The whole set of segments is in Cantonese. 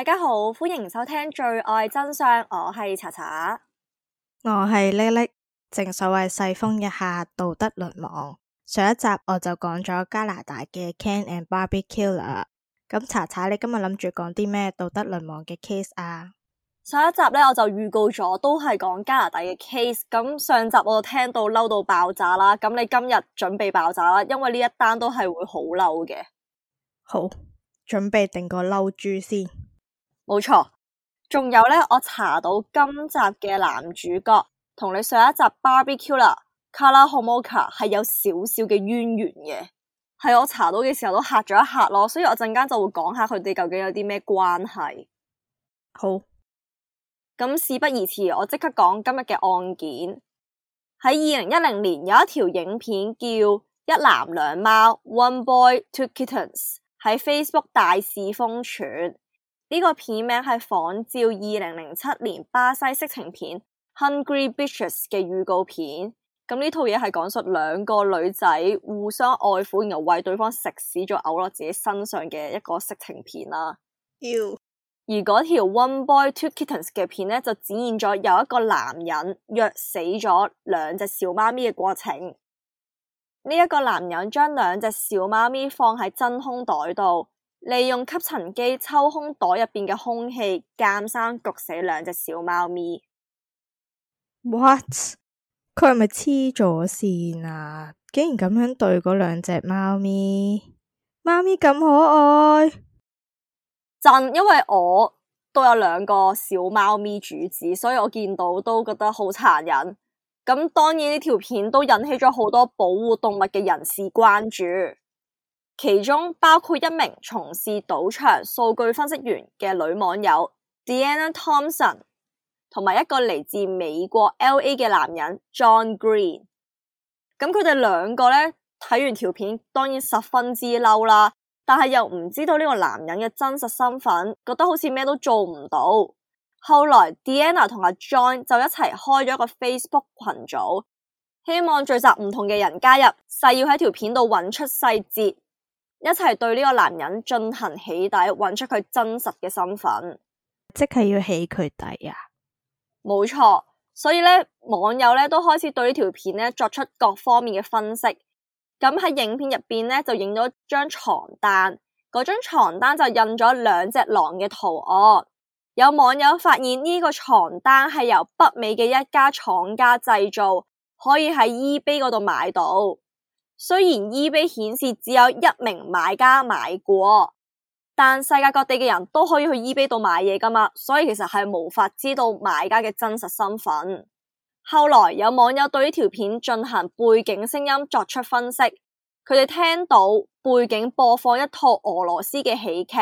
大家好，歡迎收聽最愛真相，我係查查，我係叻叻。正所謂世風日下，道德淪亡。上一集我就講咗加拿大嘅 Canned and Barbecued 啦。咁查查，你今日諗住講啲咩道德淪亡嘅 case 啊？上一集呢，我就預告咗，都係講加拿大嘅 case。咁上集我聽到嬲到爆炸啦，咁你今日準備爆炸啦，因為呢一單都係會好嬲嘅。好，準備定個嬲豬先。冇錯，仲有咧，我查到今集嘅男主角同你上一集 Barbecue 啦，卡拉豪摩卡係有少少嘅淵源嘅，係我查到嘅時候都嚇咗一吓咯，所以我陣間就會講下佢哋究竟有啲咩關係。好，咁事不宜遲，我即刻講今日嘅案件。喺二零一零年，有一條影片叫《一男兩貓》（One Boy Two Kittens） 喺 Facebook 大肆瘋傳。呢個片名係仿照二零零七年巴西色情片《Hungry Bitches》嘅預告片，咁呢套嘢係講述兩個女仔互相愛撫，然後為對方食屎再嘔落自己身上嘅一個色情片啦。Ew. 而嗰條《One Boy Two Kittens》嘅片咧，就展現咗有一個男人虐死咗兩隻小貓咪嘅過程。呢、這、一個男人將兩隻小貓咪放喺真空袋度。利用吸塵機抽空袋入邊嘅空氣，監生焗死兩隻小貓咪。What？佢係咪黐咗線啊？竟然咁樣對嗰兩隻貓咪？貓咪咁可愛，真因為我都有兩個小貓咪主子，所以我見到都覺得好殘忍。咁當然呢條片都引起咗好多保護動物嘅人士關注。其中包括一名從事賭場數據分析員嘅女網友 Diana Thompson 同埋一個嚟自美國 LA 嘅男人 John Green。咁佢哋兩個咧，睇完條片，當然十分之嬲啦，但係又唔知道呢個男人嘅真實身份，覺得好似咩都做唔到。後來 Diana 同阿 John 就一齊開咗一個 Facebook 群組，希望聚集唔同嘅人加入，誓要喺條片度揾出細節。一齊對呢個男人進行起底，揾出佢真實嘅身份，即係要起佢底呀，啊？冇錯，所以呢，網友呢都開始對呢條片呢作出各方面嘅分析。咁喺影片入面呢，就影咗張床單，嗰張床單就印咗兩隻狼嘅圖案。有網友發現呢個床單係由北美嘅一家廠家製造，可以喺 eBay 嗰度買到。雖然 eBay 顯示只有一名買家買過，但世界各地嘅人都可以去 eBay 度買嘢㗎嘛，所以其實係無法知道買家嘅真實身份。後來有網友對呢條片進行背景聲音作出分析，佢哋聽到背景播放一套俄羅斯嘅喜劇。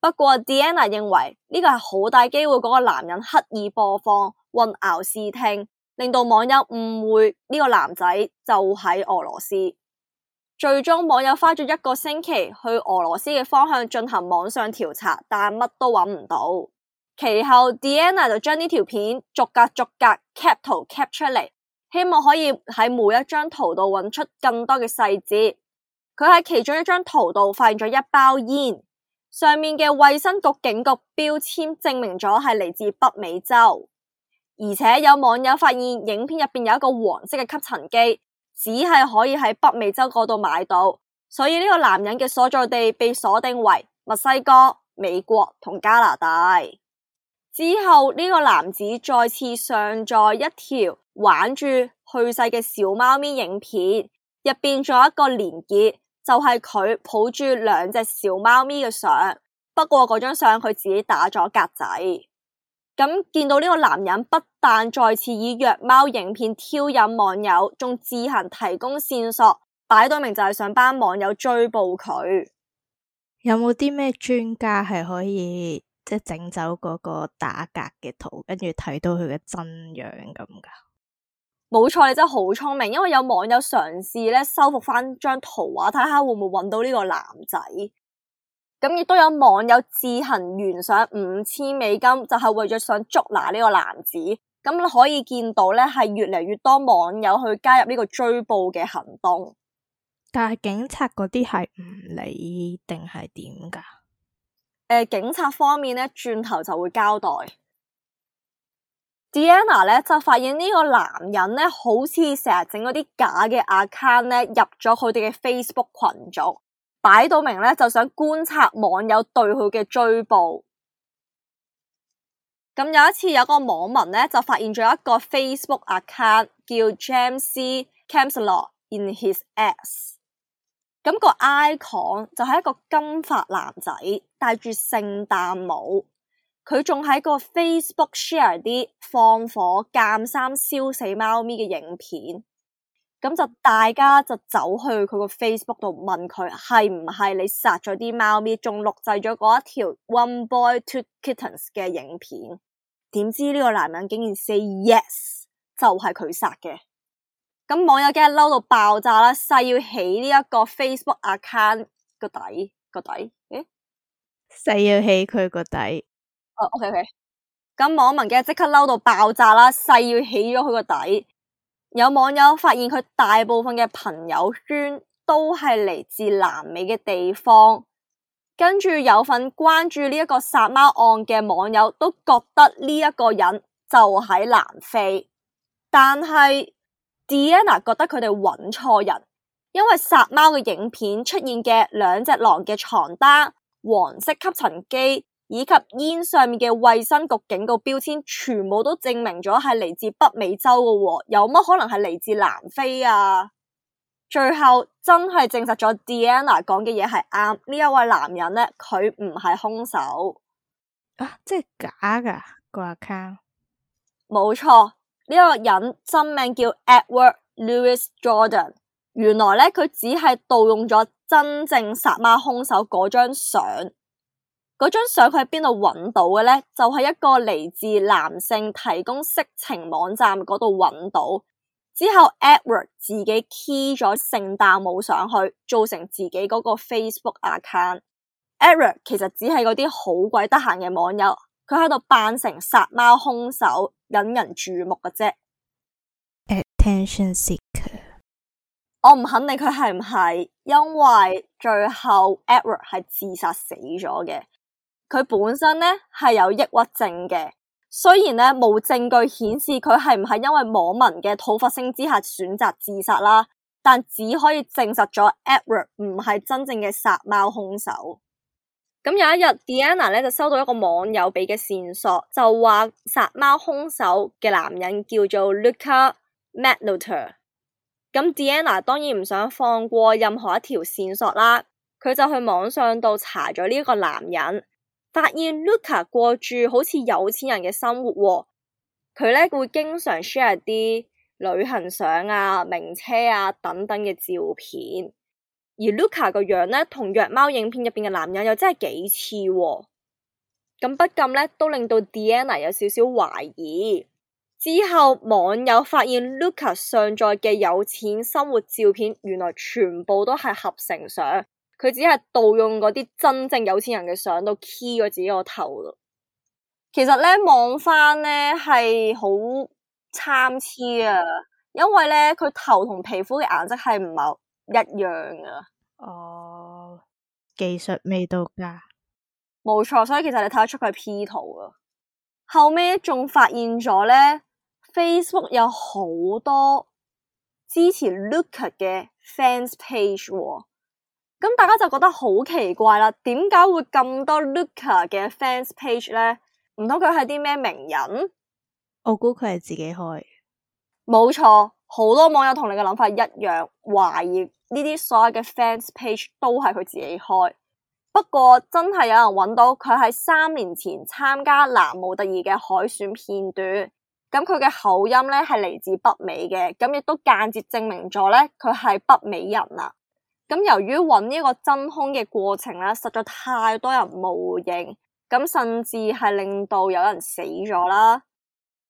不過 Diana 認為呢個係好大機會嗰個男人刻意播放混淆視聽。令到網友誤會呢個男仔就喺俄羅斯，最終網友花咗一個星期去俄羅斯嘅方向進行網上調查，但乜都揾唔到。其後 Diana 就將呢條片逐格逐格 cap 圖 cap 出嚟，希望可以喺每一張圖度揾出更多嘅細節。佢喺其中一張圖度發現咗一包煙，上面嘅衛生局警局標籤證明咗係嚟自北美洲。而且有網友發現影片入面有一個黃色嘅吸塵機，只係可以喺北美洲嗰度買到，所以呢個男人嘅所在地被鎖定為墨西哥、美國同加拿大。之後呢個男子再次上載一條玩住去世嘅小貓咪影片，入面仲有一個連結，就係佢抱住兩隻小貓咪嘅相。不過嗰張相佢自己打咗格仔。咁、嗯、見到呢個男人不但再次以虐貓影片挑引網友，仲自行提供線索，擺到明就係想幫網友追捕佢。有冇啲咩專家係可以即係整走嗰個打格嘅圖，跟住睇到佢嘅真樣咁噶？冇錯，你真係好聰明，因為有網友嘗試咧修復翻張圖畫，睇下會唔會搵到呢個男仔。咁亦都有網友自行懸賞五千美金，就係、是、為咗想捉拿呢個男子。咁可以見到咧，係越嚟越多網友去加入呢個追捕嘅行動。但係警察嗰啲係唔理定係點噶？誒、呃，警察方面咧，轉頭就會交代。Diana 咧就發現呢個男人咧，好似成日整嗰啲假嘅 account 咧，入咗佢哋嘅 Facebook 群組。擺到明咧，就想觀察網友對佢嘅追捕。咁有一次，有個網民咧就發現咗一個 Facebook account 叫 James Camelon in his ass。咁、那個 icon 就係一個金髮男仔，戴住聖誕帽，佢仲喺個 Facebook share 啲放火、鑒衫、燒死貓咪嘅影片。咁就大家就走去佢個 Facebook 度問佢係唔係你殺咗啲貓咪，仲錄製咗嗰一條 One Boy Two Kittens 嘅影片？點知呢個男人竟然 say yes，就係佢殺嘅。咁網友梗係嬲到爆炸啦，誓要起呢一個 Facebook account 個底個底。誒，誓要起佢個底。哦，OK OK。咁網民梗係即刻嬲到爆炸啦，誓要起咗佢個底。有網友發現佢大部分嘅朋友圈都係嚟自南美嘅地方，跟住有份關注呢一個殺貓案嘅網友都覺得呢一個人就喺南非，但係 Diana 覺得佢哋揾錯人，因為殺貓嘅影片出現嘅兩隻狼嘅床單、黃色吸塵機。以及煙上面嘅衛生局警告標籤，全部都證明咗係嚟自北美洲嘅，哦，有乜可能係嚟自南非啊？最後真係證實咗 Diana 講嘅嘢係啱，呢一位男人咧，佢唔係兇手啊！即係假㗎個 account，冇錯，呢、這個人真名叫 Edward Lewis Jordan，原來咧佢只係盜用咗真正殺貓兇手嗰張相。嗰張相佢喺邊度搵到嘅咧？就係一個嚟自男性提供色情網站嗰度搵到，之後 Edward 自己 key 咗聖誕帽上去，做成自己嗰個 Facebook account。Edward 其實只係嗰啲好鬼得閒嘅網友，佢喺度扮成殺貓凶手，引人注目嘅啫。Attention seeker，我唔肯定佢係唔係，因為最後 Edward 係自殺死咗嘅。佢本身咧係有抑鬱症嘅，雖然咧冇證據顯示佢係唔係因為網民嘅討伐聲之下選擇自殺啦，但只可以證實咗 Eric 唔係真正嘅殺貓兇手。咁有一日，Diana 咧就收到一個網友俾嘅線索，就話殺貓兇手嘅男人叫做 Luka Magnotta。咁 Diana 當然唔想放過任何一條線索啦，佢就去網上度查咗呢一個男人。發現 Luka 過住好似有錢人嘅生活，佢咧會經常 share 啲旅行相啊、名車啊等等嘅照片，而 Luka 個樣咧同虐貓影片入邊嘅男人又真係幾似，咁不禁咧都令到 Diana 有少少懷疑。之後網友發現 Luka 上載嘅有錢生活照片，原來全部都係合成相。佢只係盜用嗰啲真正有錢人嘅相，都 key 咗自己個頭。其實咧，望翻，咧係好參差啊，因為咧佢頭同皮膚嘅顏色係唔係一樣噶。哦，技術未到噶，冇錯。所以其實你睇得出佢 P 圖啊。後尾仲發現咗咧，Facebook 有好多支持 Luka 嘅 fans page 喎，哦。咁大家就覺得好奇怪啦，點解會咁多 Luka 嘅 fans page 呢？唔通佢係啲咩名人？我估佢係自己開，冇錯。好多網友同你嘅諗法一樣，懷疑呢啲所有嘅 fans page 都係佢自己開。不過真係有人揾到佢喺三年前參加《男模特兒》嘅海選片段，咁佢嘅口音咧係嚟自北美嘅，咁亦都間接證明咗咧佢係北美人啦。咁由於揾呢個真空嘅過程呢，實在太多人冒認，咁甚至係令到有人死咗啦。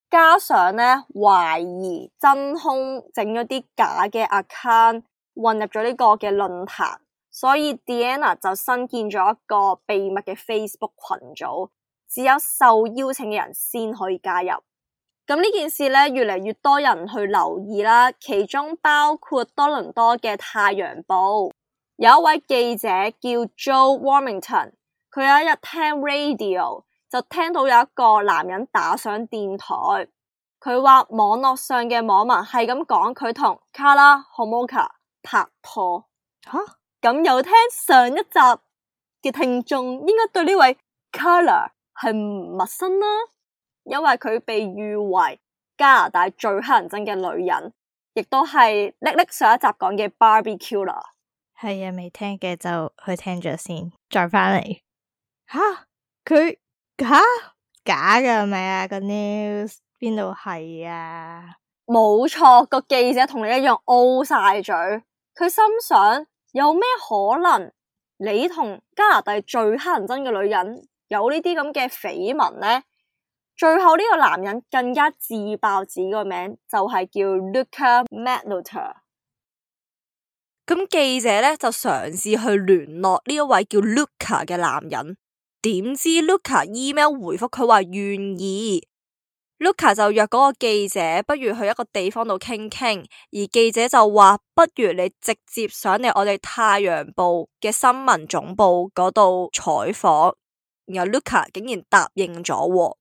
加上呢，懷疑真空整咗啲假嘅 account 混入咗呢個嘅論壇，所以 Diana 就新建咗一個秘密嘅 Facebook 群組，只有受邀請嘅人先可以加入。咁呢件事咧，越嚟越多人去留意啦。其中包括多倫多嘅《太陽報》，有一位記者叫 Joe Warmington，佢有一日聽 radio 就聽到有一個男人打上電台，佢話網絡上嘅網民係咁講，佢同卡拉 Homoka 拍拖。吓，咁又聽上一集嘅聽眾應該對呢位卡拉係唔陌生啦。因為佢被譽為加拿大最乞人憎嘅女人，亦都係叻叻上一集講嘅 Barbecue 啦。係啊，未聽嘅就去聽咗先，再翻嚟。吓，佢吓假嘅係咪啊？個 news 邊度係啊？冇錯，個記者同你一樣 O、呃、晒嘴。佢心想：有咩可能你同加拿大最乞人憎嘅女人有這這呢啲咁嘅緋聞咧？最後呢個男人更加自爆自己個名就係叫 Luka Magnotta 咁記者呢，就嘗試去聯絡呢一位叫 Luka 嘅男人，點知 Luka email 回覆佢話願意。Luka 就約嗰個記者，不如去一個地方度傾傾。而記者就話，不如你直接上嚟我哋太陽報嘅新聞總部嗰度採訪。然後 Luka 竟然答應咗。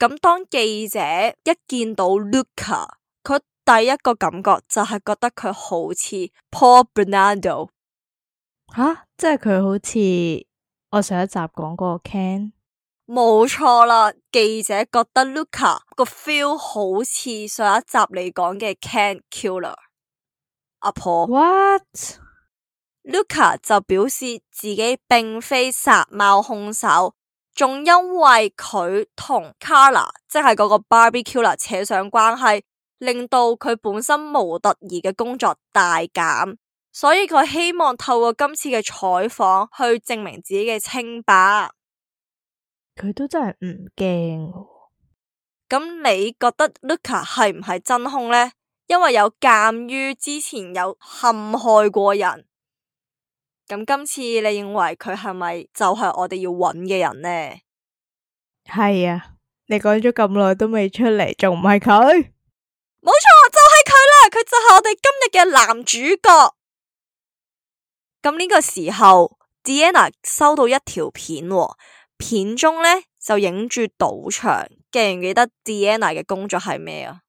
咁當記者一見到 Luca，佢第一個感覺就係覺得佢好似 Paul Bernardo。吓、啊，即係佢好似我上一集講過 Ken。冇錯啦，記者覺得 Luca 個 feel 好似上一集你講嘅 Ken Killer。阿婆，What？Luca 就表示自己并非殺貓兇手。仲因為佢同卡拉即係嗰個 barbecue 扯上關係，令到佢本身模特兒嘅工作大減，所以佢希望透過今次嘅採訪去證明自己嘅清白。佢都真係唔驚，咁你覺得 Luka 係唔係真凶呢？因為有鑒於之前有陷害過人。咁今次你認為佢係咪就係我哋要揾嘅人呢？係啊，你講咗咁耐都未出嚟，仲唔係佢？冇錯，就係佢啦，佢就係我哋今日嘅男主角。咁呢個時候，Diana 收到一條片，片中咧就影住賭場。記唔記得 Diana 嘅工作係咩啊？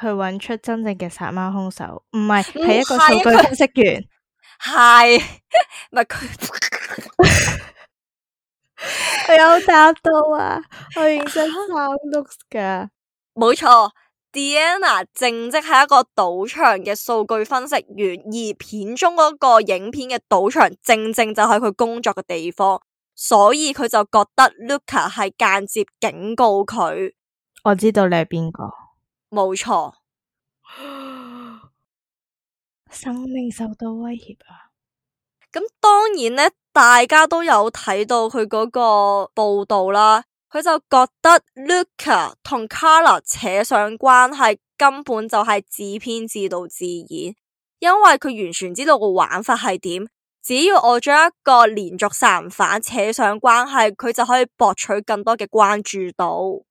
去揾出真正嘅殺貓凶手，唔係係一個數據分析員。他 係，唔係佢，佢有答到啊！佢認真考 look 噶，冇錯。 Diana 正職係一個賭場嘅數據分析員，而片中嗰個影片嘅賭場正正就係佢工作嘅地方，所以佢就覺得 Luka 係間接警告佢。我知道你係邊個，冇錯。 生命受到威脅啊！咁當然呢，大家都有睇到佢嗰個報道啦。佢就覺得 Luka 同 Carla 扯上關係根本就係自編自導自演，因為佢完全知道個玩法係點。只要我將一個連續殺人犯扯上關係，佢就可以博取更多嘅關注度。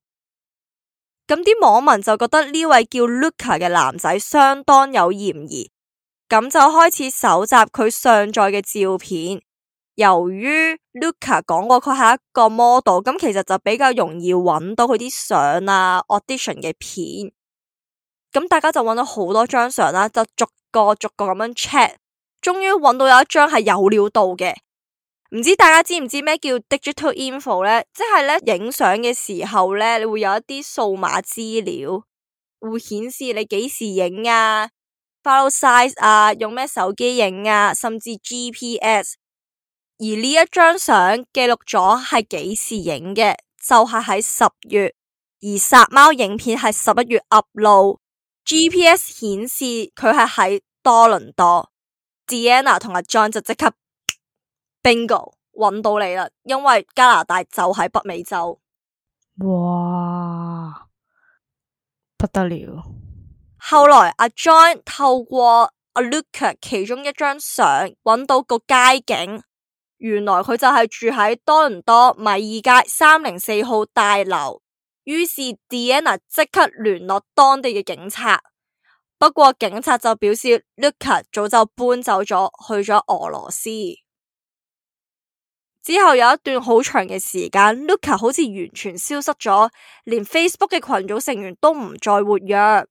咁啲網民就覺得呢位叫 Luka 嘅男仔相當有嫌疑。咁就開始搜集佢上載嘅照片。由於 Luka 講過佢係一個 model，咁其實就比較容易揾到佢啲相啊，audition 嘅片。咁大家就揾到好多張相啦，就逐個逐個咁樣 check，終於揾到有一張係有料到嘅。唔知大家知唔知咩叫 digital info 呢？即係呢，影相嘅時候呢，你會有一啲數碼資料，會顯示你幾時影啊。follow size 啊，用咩手機影啊，甚至 GPS。而呢一張相記錄咗係幾時影嘅，就係喺十月。而殺貓影片係十一月 upload，GPS 顯示佢係喺多倫多。Diana 同阿 John 就即刻 bingo 揾到你啦，因為加拿大就喺北美洲。哇，不得了！後來阿 John 透過阿 Luka 其中一張相揾到個街景，原來佢就係住喺多倫多米爾街三零四號大樓。於是 Diana 即刻聯絡當地嘅警察，不過警察就表示 Luka 早就搬走咗，去咗俄羅斯。之後有一段好長嘅時間，Luka 好似完全消失咗，連 Facebook 嘅群組成員都唔再活躍。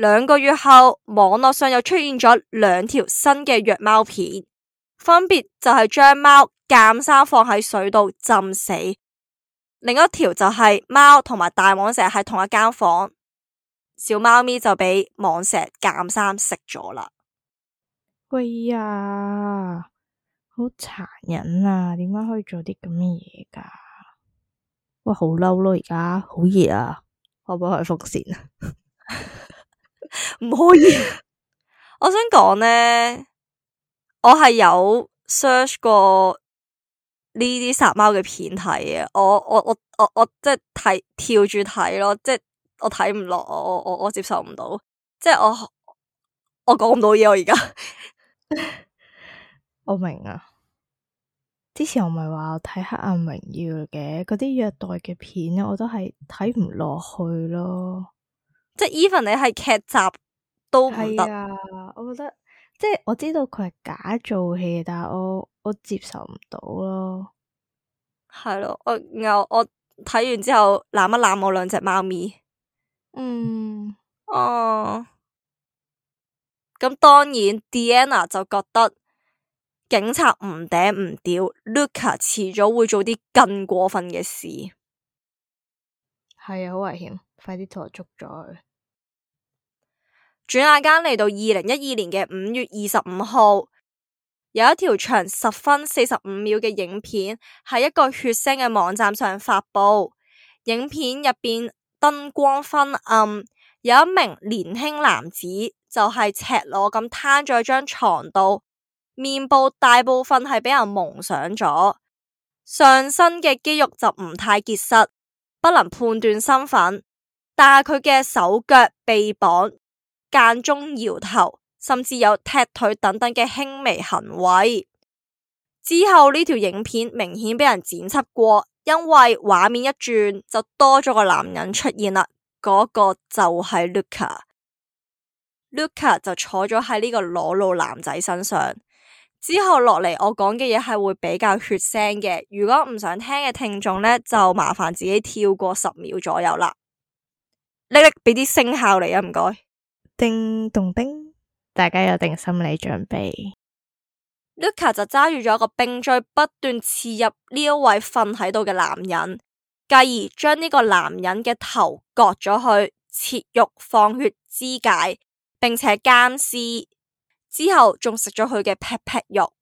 兩個月後，網絡上又出現咗兩條新嘅虐貓片，分別就係將貓監生放喺水度浸死，另一條就係貓同埋大蟒蛇喺同一間房，小貓咪就畀蟒蛇監生食咗啦。喂呀、啊，好殘忍啊！點解可以做啲咁嘅嘢㗎？哇，好嬲咯！而家好熱啊，可唔可以開風扇啊？ 唔 不可以 我呢，我想講咧，我係有 search 過呢啲殺貓嘅片睇嘅，我我我我我即係睇跳住睇咯，即係我睇唔落，我我我，我，我接受唔到，即係我我講唔到嘢，我而家我， 我明啊，之前我咪話睇黑暗榮耀嘅嗰啲虐待嘅片，我都係睇唔落去咯。即係 even 你係劇集都唔得，啊，我覺得即係我知道佢係假做戲，但係我我接受唔到咯。係咯，啊，我我我睇完之後攬一攬我兩隻貓咪。嗯，哦、啊。咁當然，Diana 就覺得警察唔頂唔屌，Luka 遲早會做啲更過分嘅事。係啊，好危險！快啲同我捉咗佢。轉眼間嚟到二零一二年嘅五月二十五號，有一條長十分四十五秒嘅影片喺一個血腥嘅網站上發佈。影片入邊燈光昏暗，有一名年輕男子就係赤裸咁攤咗喺張床度，面部大部分係畀人蒙上咗，上身嘅肌肉就唔太結實，不能判斷身份，但係佢嘅手腳被綁。間中搖頭，甚至有踢腿等等嘅輕微行為。之後呢條影片明顯俾人剪輯過，因為畫面一轉就多咗個男人出現啦。嗰個就係 Luka，Luka 就坐咗喺呢個裸露男仔身上。之後落嚟我講嘅嘢係會比較血腥嘅，如果唔想聽嘅聽眾呢，就麻煩自己跳過十秒左右啦。叻叻，俾啲聲效嚟啊，唔該。叮咚叮，大家有定心理準備。Luka 就揸住咗個冰錐，不斷刺入呢一位瞓喺度嘅男人，繼而將呢個男人嘅頭割咗去，切肉放血肢解，並且奸屍之後，仲食咗佢嘅劈劈肉。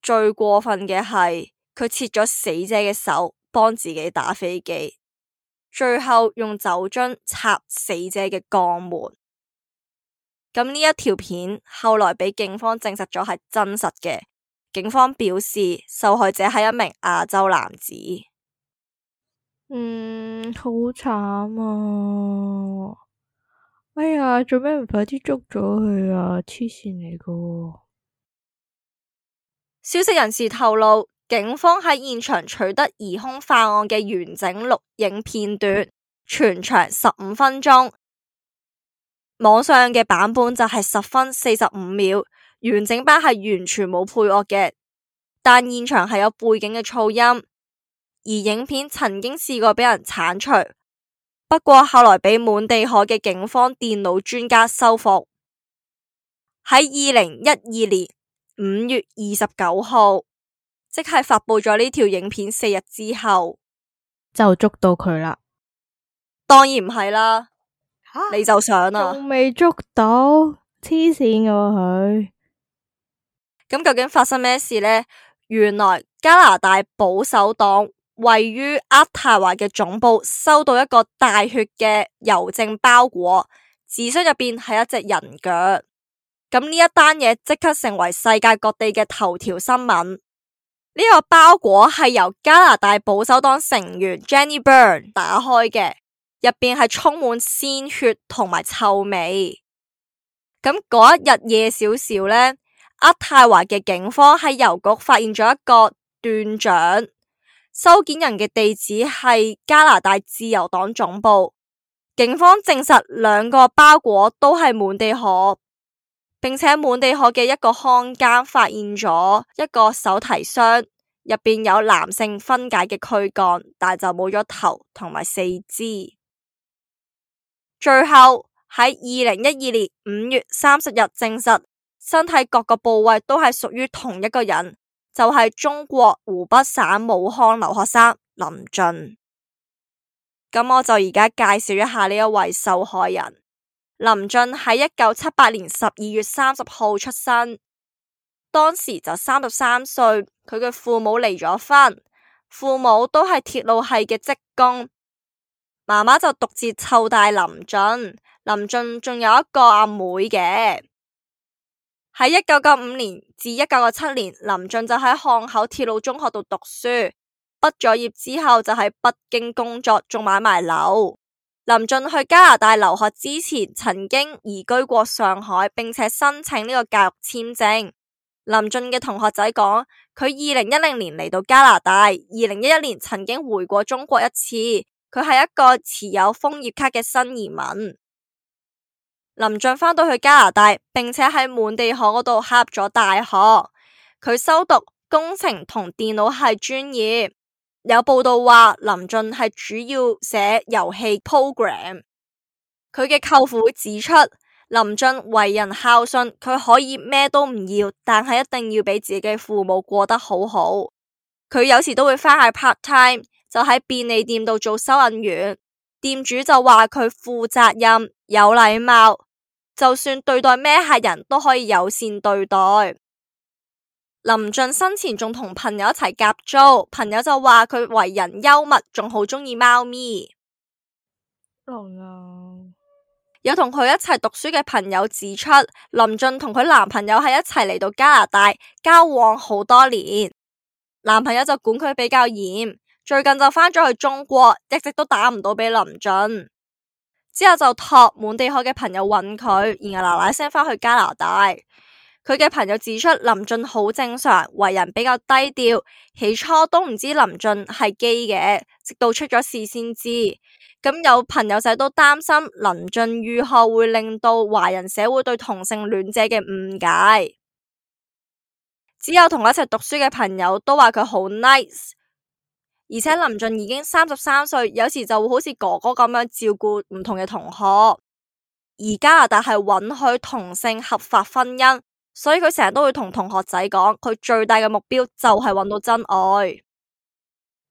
最過分嘅係，佢切咗死者嘅手幫自己打飛機，最後用酒樽插死者嘅肛門。咁呢一條片後來畀警方證實咗係真實嘅。警方表示，受害者係一名亞洲男子。嗯，好慘啊！哎呀，做咩唔快啲捉咗佢啊！黐線嚟噶！消息人士透露，警方喺現場取得疑凶犯案嘅完整錄影片段，全長十五分鐘。網上嘅版本就係十分四十五秒，完整版係完全冇配樂嘅，但現場係有背景嘅噪音。而影片曾經試過畀人鏟除，不過後來畀滿地可嘅警方電腦專家修復。喺二零一二年五月二十九號，即係發佈咗呢條影片四日之後，就捉到佢啦。當然唔係啦。你就想啦？仲未捉到，黐線嘅佢。咁究竟發生咩事呢？原來加拿大保守黨位於渥太華嘅總部收到一個大血嘅郵政包裹，紙箱入邊係一隻人腳。咁呢一單嘢即刻成為世界各地嘅頭條新聞。呢個包裹係由加拿大保守黨成員 Jenny Byrne 打開嘅。入邊係充滿鮮血同埋臭味，咁嗰一日夜少少呢，渥太華嘅警方喺郵局發現咗一個斷掌，收件人嘅地址係加拿大自由黨總部。警方證實兩個包裹都係滿地可，並且滿地可嘅一個看更發現咗一個手提箱，入邊有男性分解嘅軀幹，但係就冇咗頭同埋四肢。最後喺二零一二年五月三十日證實，身體各個部位都係屬於同一個人，就係中國湖北省武漢留學生林俊。咁我就而家介紹一下呢一位受害人。林俊喺一九七八年十二月三十號出生，當時就三十三歲。佢嘅父母離咗婚，父母都係鐵路系嘅職工。媽媽就獨自湊大林俊，林俊仲有一個阿妹嘅。喺一九九五年至一九九七年，林俊就喺漢口鐵路中學度讀書。畢咗業之後就喺北京工作，仲買埋樓。林俊去加拿大留學之前，曾經移居過上海，並且申請呢個教育簽證。林俊嘅同學仔講，佢二零一零年嚟到加拿大，二零一一年曾經回過中國一次。佢係一個持有楓葉卡嘅新移民。林俊翻到去加拿大，並且喺滿地可嗰度入咗大學。佢修讀工程同電腦系專業。有報道話林俊係主要寫遊戲 program。佢嘅舅父會指出，林俊為人孝順，佢可以咩都唔要，但係一定要畀自己嘅父母過得好好。佢有時都會返去 part time。就喺便利店度做收銀員，店主就話佢負責任、有禮貌，就算對待咩客人都可以友善對待。林俊生前仲同朋友一齊夾租，朋友就話佢為人幽默，仲好鍾意貓咪。Oh no. 有同佢一齊讀書嘅朋友指出，林俊同佢男朋友喺一齊嚟到加拿大交往好多年，男朋友就管佢比較嚴。最近就返咗去中國，一直都打唔到畀林俊，之後就託滿地可嘅朋友揾佢，然後嗱嗱聲返去加拿大。佢嘅朋友指出，林俊好正常，為人比較低調，起初都唔知林俊係基嘅，直到出咗事先知。咁有朋友仔都擔心林俊如何會令到華人社會對同性戀者嘅誤解。只有同我一齊讀書嘅朋友都話佢好 nice。而且林俊已經三十三歲，有時就會好似哥哥咁樣照顧唔同嘅同學。而加拿大係允許同性合法婚姻，所以佢成日都會同同學仔講，佢最大嘅目標就係揾到真愛。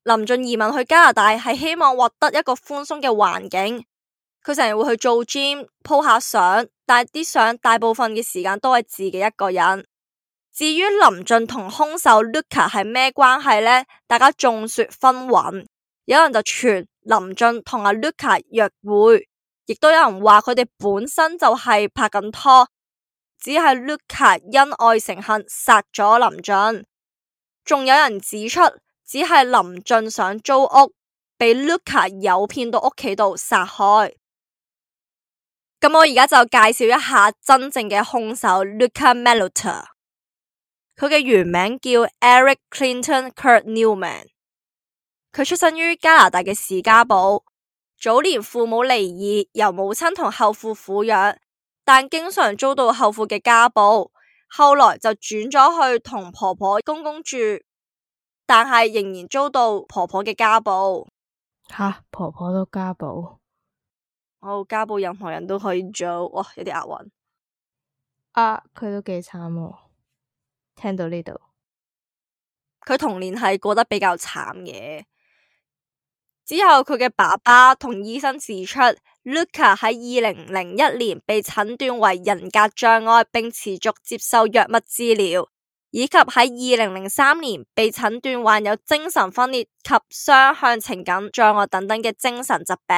林俊移民去加拿大係希望獲得一個寬鬆嘅環境。佢成日會去做 gym，鋪下相，但係啲相大部分嘅時間都係自己一個人。至於林俊同兇手 Luka 係咩關係呢？大家眾說紛紜，有人就傳林俊同阿 Luka 約會，亦都有人話佢哋本身就係拍緊拖，只係 Luka 因愛成恨殺咗林俊。仲有人指出，只係林俊想租屋，被 Luka 誘騙到屋企度殺害。咁我而家就介紹一下真正嘅兇手 Luka Magnotta。佢嘅原名叫 Eric Clinton Kurt Newman。佢出身於加拿大嘅士嘉堡，早年父母離異，由母親同後父撫養，但經常遭到後父嘅家暴。後來就轉咗去同婆婆公公住，但係仍然遭到婆婆嘅家暴。吓，婆婆都家暴？哦，家暴任何人都可以做。哇，有啲押韻啊。佢都幾慘，哦。聽到呢度，佢童年係過得比較慘嘅。之後佢嘅爸爸同醫生指出，Luka 喺二零零一年被診斷為人格障礙，並持續接受藥物治療，以及喺二零零三年被診斷患有精神分裂及雙向情感障礙等等嘅精神疾病。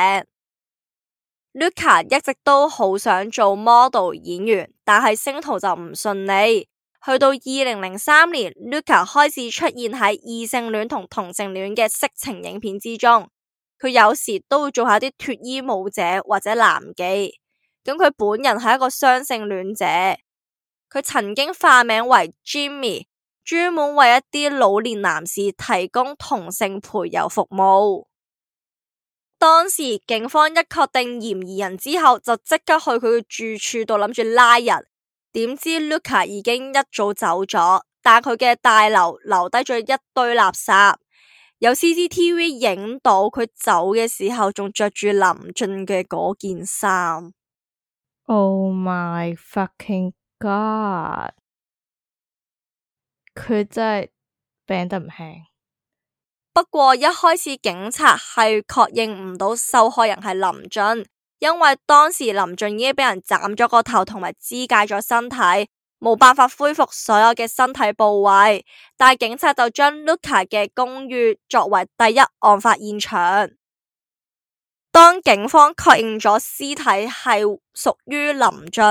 Luka 一直都好想做 model 演員，但係星途就唔順利。去到二零零三年，Luka 開始出現喺異性戀同同性戀嘅色情影片之中，佢有時都會做下啲脫衣舞者或者男妓。咁佢本人係一個雙性戀者，佢曾經化名為 Jimmy，專門為一啲老年男士提供同性陪遊服務。當時警方一確定嫌疑人之後，就即刻去佢嘅住處度諗住拉人。點知 Luka 已經一早走咗，但佢嘅大樓留低咗一堆垃圾，有 CCTV 影到佢走嘅時候仲着住林俊嘅嗰件衫。Oh my fucking god！佢真係病得唔輕。不過一開始警察係確認唔到受害人係林俊。因為當時林俊已經俾人斬咗個頭同埋肢解咗身體，冇辦法恢復所有嘅身體部位。但係警察，就將 Luka 嘅公寓作為第一案發現場。當警方確認咗屍體係屬於林俊，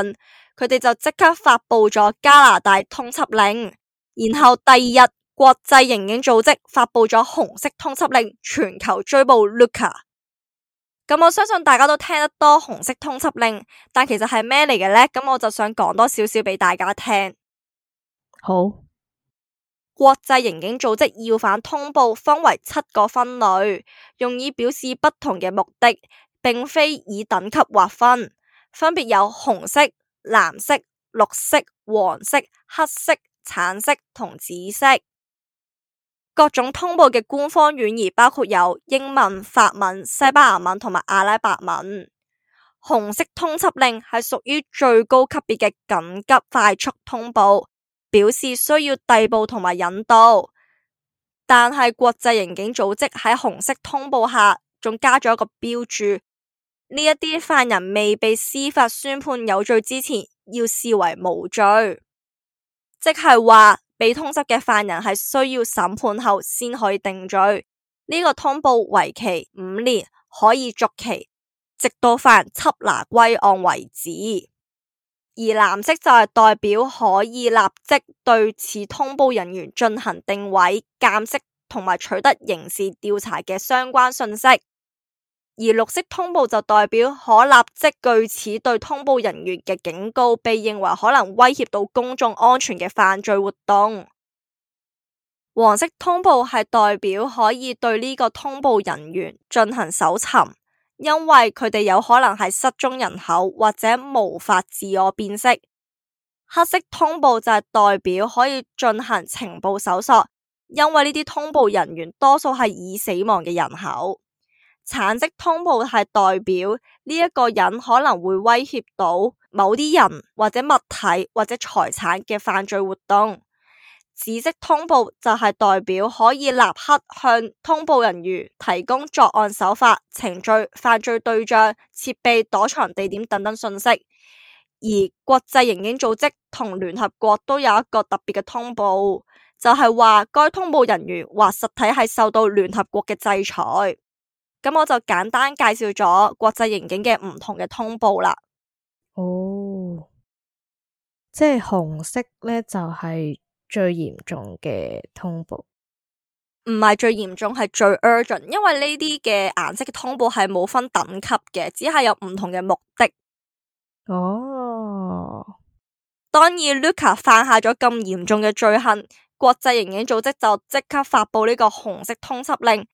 佢哋就即刻發佈咗加拿大通緝令。然後第二日，國際刑警組織發佈咗紅色通緝令，全球追捕 Luka。咁我相信大家都聽得多紅色通緝令，但其實係咩嚟嘅咧？咁我就想講多少少畀大家聽。好，國際刑警組織要犯通報分為七個分類，用以表示不同嘅目的，並非以等級劃分。分別有紅色、藍色、綠色、黃色、黑色、橙色同紫色。各種通報嘅官方語言包括有英文、法文、西班牙文同埋阿拉伯文。紅色通緝令係屬於最高級別嘅緊急快速通報，表示需要逮捕同埋引渡。但係國際刑警組織喺紅色通報下，仲加咗一個標注：呢一啲犯人未被司法宣判有罪之前，要視為無罪，即係話。被通緝嘅犯人係需要審判後先可以定罪。呢個通報為期五年，可以續期，直到犯人緝拿歸案為止。而藍色就係代表可以立即對此通報人員進行定位、監視同埋取得刑事調查嘅相關信息。而綠色通報就代表可立即據此對通報人員嘅警告，被認為可能威脅到公眾安全嘅犯罪活動。黃色通報係代表可以對呢個通報人員進行搜尋，因為佢哋有可能係失蹤人口，或者無法自我辨識。黑色通報就係代表可以進行情報搜索，因為呢啲通報人員多數係已死亡嘅人口。橙色通報係代表呢一，這個人可能會威脅到某啲人或者物體或者財產嘅犯罪活動，紫色通報就係代表可以立刻向通報人員提供作案手法、程序、犯罪對象、設備、躲藏地點等等信息。而國際刑警組織同聯合國都有一個特別嘅通報，就係、是、話該通報人員或實體係受到聯合國嘅制裁。咁我就簡單介紹咗國際刑警嘅唔同嘅通報啦。哦，即係紅色咧，就係最嚴重嘅通報，唔係最嚴重係最 urgent，因為呢啲嘅顏色嘅通報係冇分等級嘅，只係有唔同嘅目的。哦，當然 Luka 犯下咗咁嚴重嘅罪行，國際刑警組織就即刻發佈呢個紅色通緝令。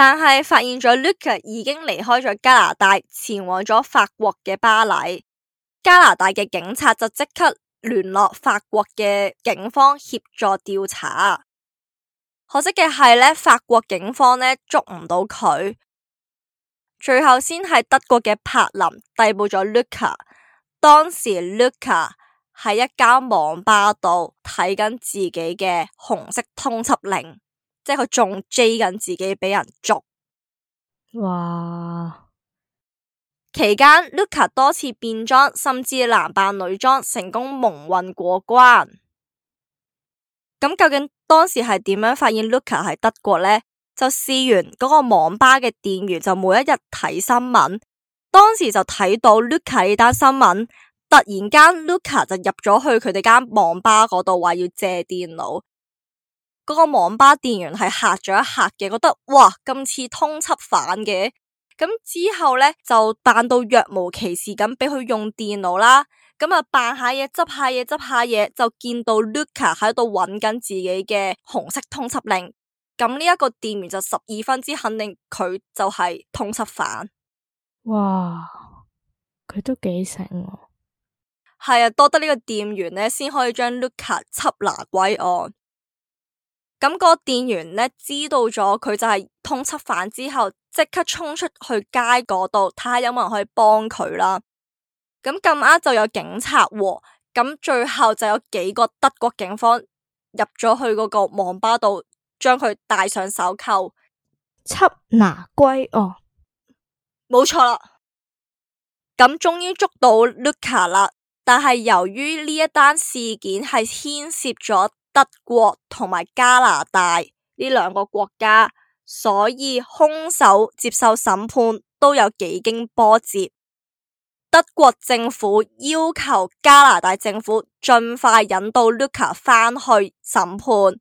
但係發現咗 Luka 已經離開咗加拿大，前往咗法國嘅巴黎。加拿大嘅警察就即刻聯絡法國嘅警方協助調查。可惜嘅係呢，法國警方咧捉唔到佢，最後先係德國嘅柏林逮捕咗 Luka。當時 Luka 喺一間網吧度睇緊自己嘅紅色通緝令。即係佢仲追緊自己畀人捉，哇！期間 Luka 多次變裝，甚至男扮女裝，成功蒙混過關。咁究竟當時係點樣發現 Luka 係德國呢？就試完嗰個網吧嘅店員就每一日睇新聞，當時就睇到 Luka 呢單新聞，突然間 Luka 就入咗去佢哋間網吧嗰度，話要借電腦。嗰個網吧店員係吓咗一吓嘅，覺得哇，咁似通緝犯嘅，咁之後咧，就扮到若無其事咁，畀佢用電腦啦，咁啊扮下嘢，執下嘢，執下嘢，就見到 Luka 喺度揾緊自己嘅紅色通緝令，咁呢一個店員就十二分之肯定佢就係通緝犯。哇，佢都幾醒喎！係啊，多得個呢個店員咧，先可以將 Luka 緝拿歸案。咁、嗯那個店員呢，知道咗佢就係通緝犯之後，即刻衝出去街嗰度睇下有冇人可以幫佢啦。咁咁啱就有警察、哦，咁、嗯、最後就有幾個德國警方入咗去嗰個網吧度，將佢帶上手銬緝拿歸案、哦，冇錯啦。咁終於捉到 Luka 啦，但係由於呢一單事件係牽涉咗。德國同埋加拿大呢兩個國家，所以兇手接受審判都有幾經波折。德國政府要求加拿大政府盡快引渡 Luka 返去審判，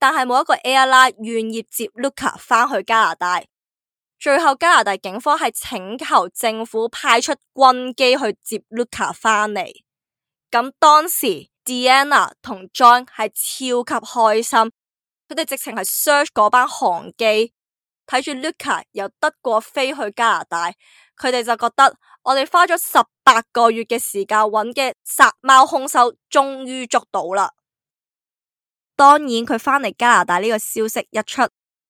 但係冇一個 airline 願意接 Luka 返去加拿大。最後加拿大警方係請求政府派出軍機去接 Luka 返嚟。咁當時。Diana 同 John 係超級開心，佢哋直情係 search 嗰班航機，睇住 Luka 由德國飛去加拿大，佢哋就覺得我哋花咗十八個月嘅時間揾嘅殺貓兇手終於捉到啦。當然佢返嚟加拿大呢個消息一出，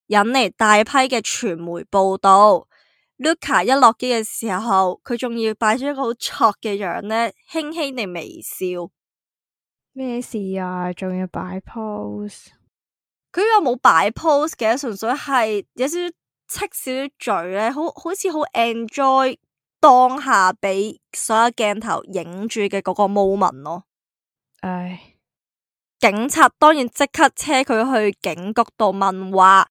引嚟大批嘅傳媒報道。Luka 一落機嘅時候，佢仲要擺咗一個好挫嘅樣咧，輕輕地微，微笑。咩事啊？仲要擺 pose？佢又冇擺 pose 嘅，純粹係有少少戚少少嘴咧，好好似好 enjoy 當下畀所有鏡頭影住嘅嗰個 moment 咯。唉，警察當然即刻車佢去警局度問話。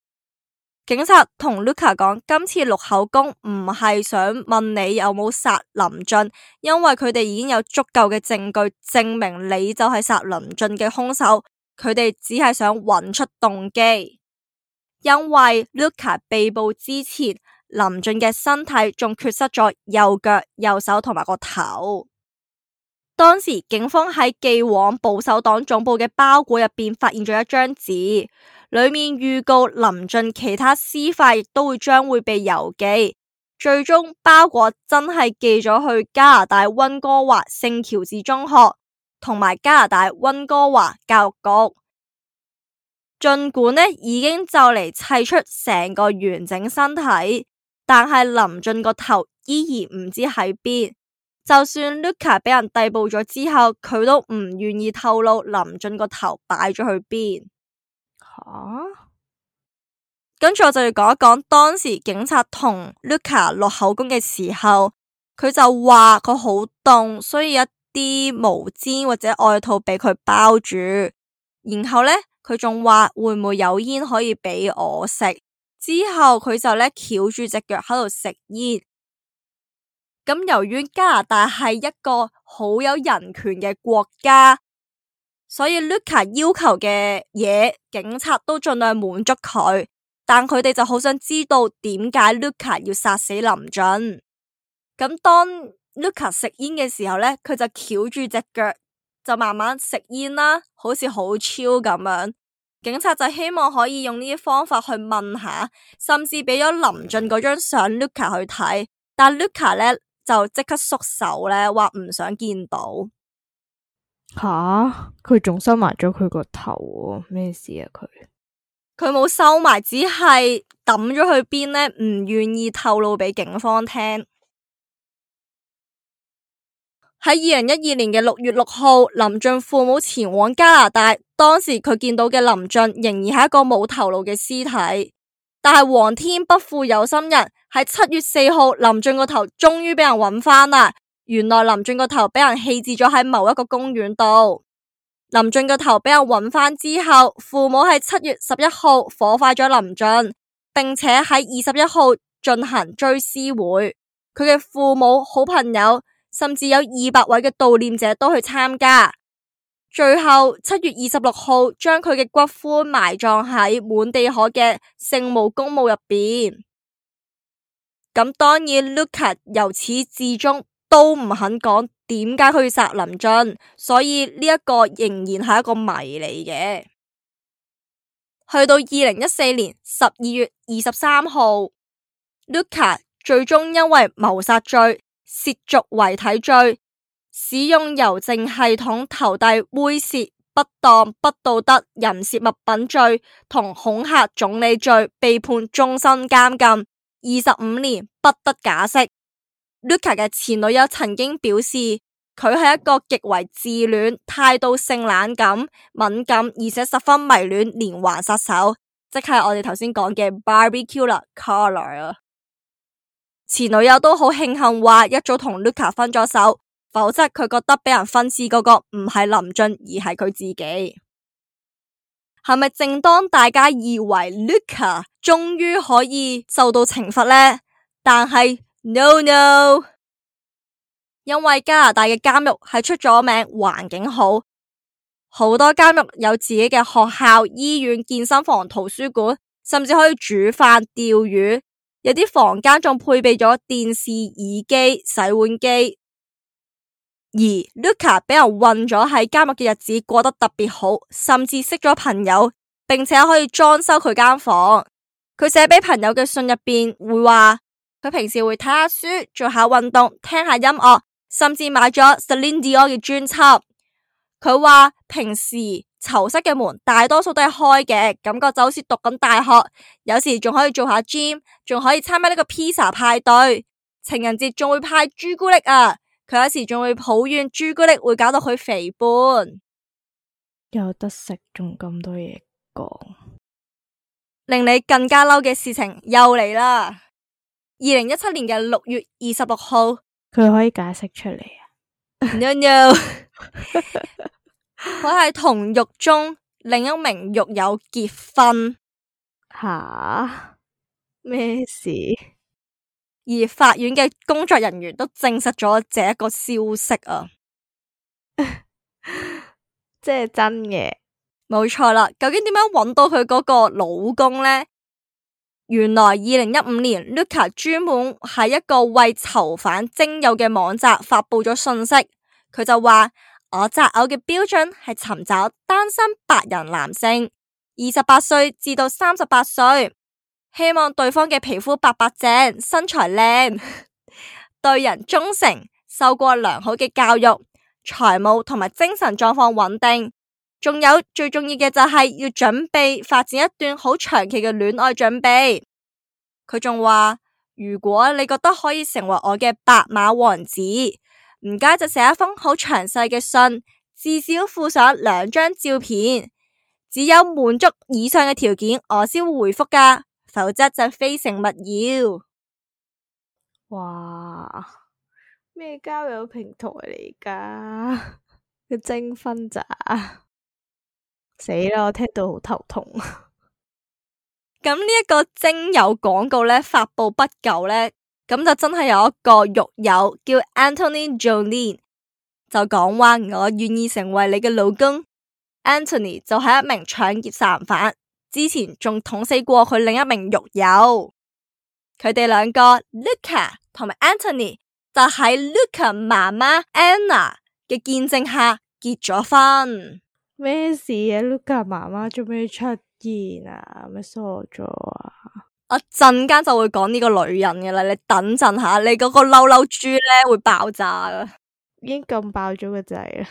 警察同 Luka 講：今次錄口供唔係想問你有冇殺林俊，因為佢哋已經有足夠嘅證據證明你就係殺林俊嘅凶手。佢哋只係想揾出動機，因為 Luka 被捕之前，林俊嘅身體仲缺失咗右腳、右手同埋個頭。當時警方喺寄往保守黨總部嘅包裹入邊發現咗一張紙。裏面預告林俊其他屍塊亦都會將會被郵寄，最終包裹真係寄咗去加拿大温哥華聖喬治中學同埋加拿大温哥華教育局。盡管呢已經就嚟砌出成個完整身體，但係林俊個頭依然唔知喺邊。就算 Luka 俾人逮捕咗之後，佢都唔願意透露林俊個頭擺咗去邊。啊，跟住我就要講一講當時警察同 Luka 落口供嘅時候，佢就話佢好凍，所以一啲毛氈或者外套俾佢包住。然後呢，佢仲話會唔會有煙可以俾我食？之後佢就咧翹住隻腳喺度食煙。咁由於加拿大係一個好有人權嘅國家。所以 Luka 要求嘅嘢，警察都盡量滿足佢，但佢哋就好想知道點解 Luka 要殺死林俊。咁當 Luka 食煙嘅時候咧，佢就翹住隻腳，就慢慢食煙啦，好似好 chill 咁樣。警察就希望可以用呢啲方法去問下，甚至俾咗林俊嗰張相 Luka 去睇，但 Luka 咧就即刻縮手咧，話唔想見到。吓！佢仲收埋咗佢個頭喎，咩事啊？佢佢冇收埋，只係抌咗去邊呢？唔願意透露畀警方聽。喺二零一二年嘅六月六號，林俊父母前往加拿大，當時佢見到嘅林俊仍然係一個冇頭顱嘅屍體。但係皇天不負有心人，喺七月四號，林俊個頭終於畀人揾翻啦。原來林俊個頭俾人棄置咗喺某一個公園度。林俊個頭俾人揾返之後，父母喺七月十一號火化咗林俊，並且喺二十一號進行追思會。佢嘅父母、好朋友，甚至有二百位嘅悼念者都去參加。最後七月二十六號，將佢嘅骨灰埋葬喺滿地可嘅聖母公墓入邊。咁當然，Luka 由始至終。都唔肯講點解去殺林俊，所以呢一個仍然係一個謎嚟嘅。去到二零一四年十二月二十三號，Luka 最終因為謀殺罪、褻瀆遺體罪、使用郵政系統投遞猥褻不當不道德人涉物品罪同恐嚇總理罪，被判終身監禁，二十五年不得假釋。Luka 嘅前女友曾經表示，佢係一個極為自戀、態度性冷感、敏感，而且十分迷戀連環殺手，即係我哋頭先講嘅 Barbecue 啦 Caller 啊。前女友都好慶幸話，一早同 Luka 分咗手，否則佢覺得畀人分屍嗰個唔係林俊，而係佢自己。係咪正當大家以為 Luka 終於可以受到懲罰呢？但係。No no，因為加拿大嘅監獄係出咗名環境好，好多監獄有自己嘅學校、醫院、健身房、圖書館，甚至可以煮飯、釣魚。有啲房間仲配備咗電視、耳機、洗碗機。而 Luka 畀人困咗喺監獄嘅日子過得特別好，甚至識咗朋友，並且可以裝修佢間房間。佢寫畀朋友嘅信入邊會話。佢平時會睇下書、做下運動、聽下音樂，甚至買咗 Celine Dion 嘅專輯。佢話平時囚室嘅門大多數都係開嘅，感覺就好似讀緊大學。有時仲可以做下 gym，仲可以參加呢個披薩派對。情人節仲會派朱古力啊！佢有時仲會抱怨朱古力會搞到佢肥胖。有得食仲咁多嘢講，令你更加嬲嘅事情又嚟啦！二零一七年嘅六月二十六號，佢可以解釋出嚟啊？唔要唔要？佢係同獄中另一名獄友結婚吓？咩事？而法院嘅工作人員都證實咗這個消息啊，即係 真嘅，冇錯啦。究竟點樣揾到佢嗰個老公咧？原來二零一五年，Luka 專門喺一個為囚犯徵友嘅網站發佈咗信息。佢就話：我擇偶嘅標準係尋找單身白人男性，二十八歲至到三十八歲，希望對方嘅皮膚白白淨，身材靚， 對人忠誠，受過良好嘅教育，財務同埋精神狀況穩定。仲有最重要嘅就係要準備發展一段好長期嘅戀愛準備。佢仲話，如果你覺得可以成為我嘅白馬王子，唔該就寫一封好詳細嘅信，至少附上兩張照片。只有滿足以上嘅條件，我先會回覆噶，否則就非誠勿擾。哇，咩交友平台嚟噶？佢徵婚咋？死啦！我聽到好頭痛。咁 呢一個徵友廣告咧發布不久呢，咁就真係有一個獄友叫 Anthony Jolie 就講話，我願意成為你嘅老公。Anthony 就係一名搶劫殺人犯，之前仲捅死過佢另一名獄友。佢哋兩個 Luka 同埋 Anthony 就喺 Luka 媽媽 Anna 嘅見證下結咗婚。咩事啊？Luka 媽媽做咩出現啊？咩傻咗啊？一陣間就會講呢個女人嘅啦，你等陣下，你嗰個嬲嬲豬咧會爆炸啦，已經撳爆咗個掣啦。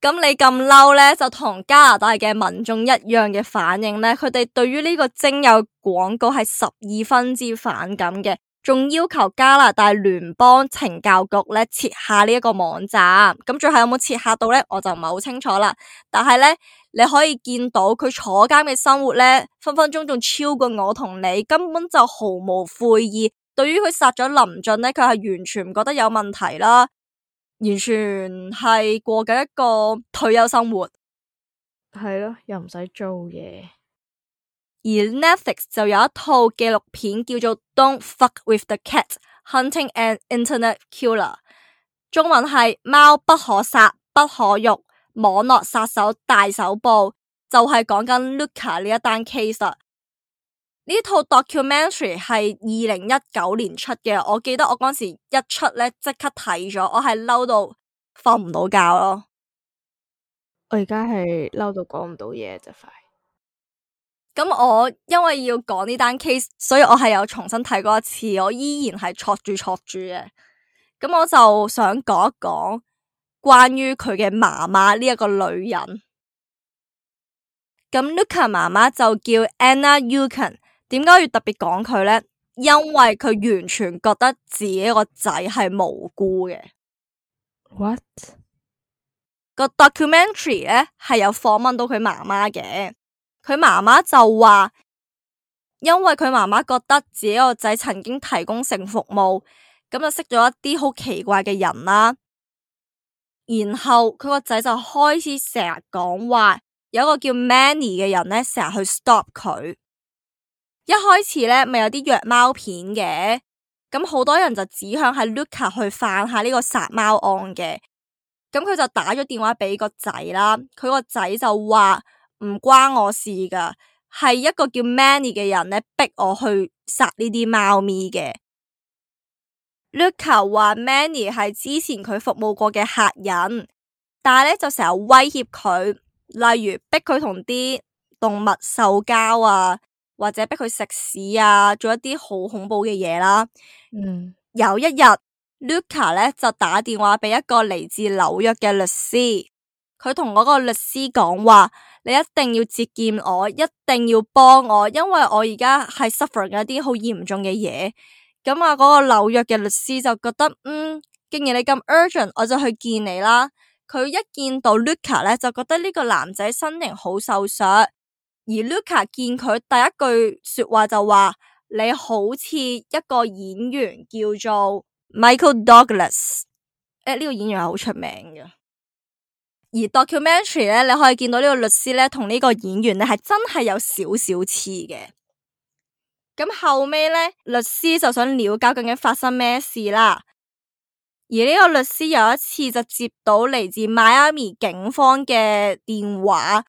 咁、嗯、你咁嬲咧，就同加拿大嘅民眾一樣嘅反應咧，佢哋對於呢個徵友廣告係十二分之反感嘅。仲要求加拿大聯邦懲教局咧撤下呢一個網站，咁最後有冇撤下到咧？我就唔係好清楚啦。但係咧，你可以見到佢坐監嘅生活咧，分分鐘仲超過我同你，根本就毫無悔意。對於佢殺咗林俊咧，佢係完全唔覺得有問題啦，完全係過緊一個退休生活。係咯，又唔使做嘢。而 Netflix 就有一套紀錄片叫做《Don't Fuck With the Cat: Hunting an Internet Killer》，中文係《貓不可殺不可辱，網絡殺手大搜捕》，就係講緊 Luka 呢一單 case。呢套 documentary 係二零一九年出嘅，我記得我嗰陣時一出咧，即刻睇咗，我係嬲到瞓唔到覺咯。我而家係嬲到講唔到嘢就快。咁我因為要講呢單 case，所以我係有重新睇過一次，我依然係錯住錯住嘅。咁我就想講一講關於佢嘅媽媽呢一個女人。咁 Luka 媽媽就叫 Anna Yukon，點解要特別講佢呢？因為佢完全覺得自己個仔係無辜嘅。What？個 documentary 咧係有訪問到佢媽媽嘅。佢媽媽就話，因為佢媽媽覺得自己個仔曾經提供性服務，咁就識咗一啲好奇怪嘅人啦。然後佢個仔就開始成日講話，有一個叫 Manny 嘅人咧，成日去 stop 佢。一開始咧，咪有啲虐貓片嘅，咁好多人就指向係 Luka 去犯下呢個殺貓案嘅。咁佢就打咗電話俾個仔啦，佢個仔就話。唔關我事㗎，係一個叫 Manny 嘅人咧逼我去殺呢啲貓咪嘅。Luka 話 Manny 係之前佢服務過嘅客人，但係咧就成日威脅佢，例如逼佢同啲動物獸交啊，或者逼佢食屎啊，做一啲好恐怖嘅嘢啦。嗯，有一日 Luka 咧就打電話俾一個嚟自紐約嘅律師，佢同嗰個律師講話。你一定要接見我，一定要幫我，因為我而家係 suffering 一啲好嚴重嘅嘢。咁啊，嗰個紐約嘅律師就覺得，嗯，既然你咁 urgent，我就去見你啦。佢一見到 Luka 咧，就覺得呢個男仔身形好瘦削。而 Luka 見佢第一句說話就話：你好似一個演員叫做 Michael Douglas。誒，呢個演員係好出名嘅。而 documentary 呢，你可以見到呢個律師呢，同呢個演員呢係真係有少少似嘅。咁後尾呢，律師就想了解究，究竟發生咩事啦。而呢個律師有一次就接到嚟自邁阿密警方嘅電話，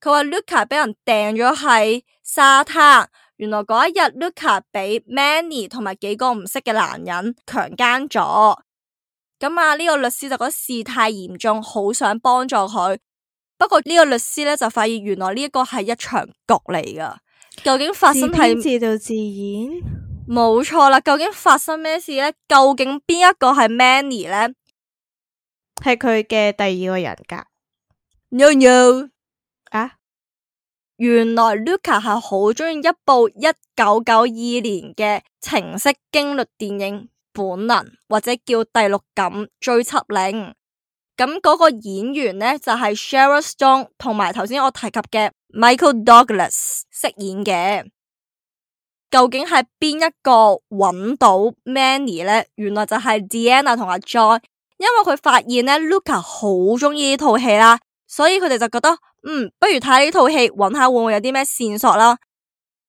佢話 Luka 畀人掟咗喺沙灘。原來嗰一日 Luka 畀 Manny 同埋幾個唔識嘅男人強姦咗。咁啊！呢個律師就覺得事態嚴重，好想幫助佢。不過呢個律師呢，就發現，原來呢一個係一場局嚟㗎。究竟發生係自編自導自演？冇錯啦！究竟發生咩事呢？究竟邊一個係 Manny 呢？係佢嘅第二個人格。No no 啊！原來 Luka 係好鍾意一部一九九二年嘅情色驚慄電影。本能或者叫第六感追緝令，咁嗰個演員呢，就係 Sharon Stone 同埋頭先我提及嘅 Michael Douglas 飾演嘅。究竟係邊一個揾到 Manny 呢？原來就係 Diana 同阿 Joy，因為佢發現咧 Luka 好中意呢套戲啦，所以佢哋就覺得嗯，不如睇呢套戲揾下會唔會有啲咩線索啦。